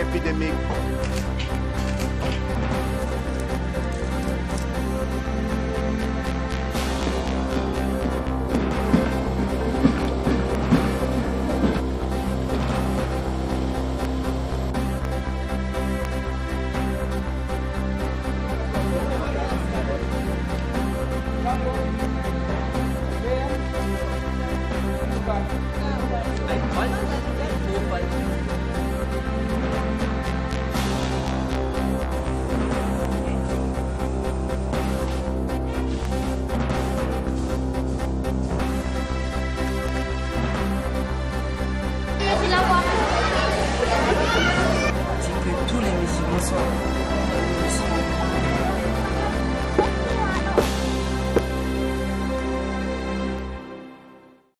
epidemic. É Thank tá 不错。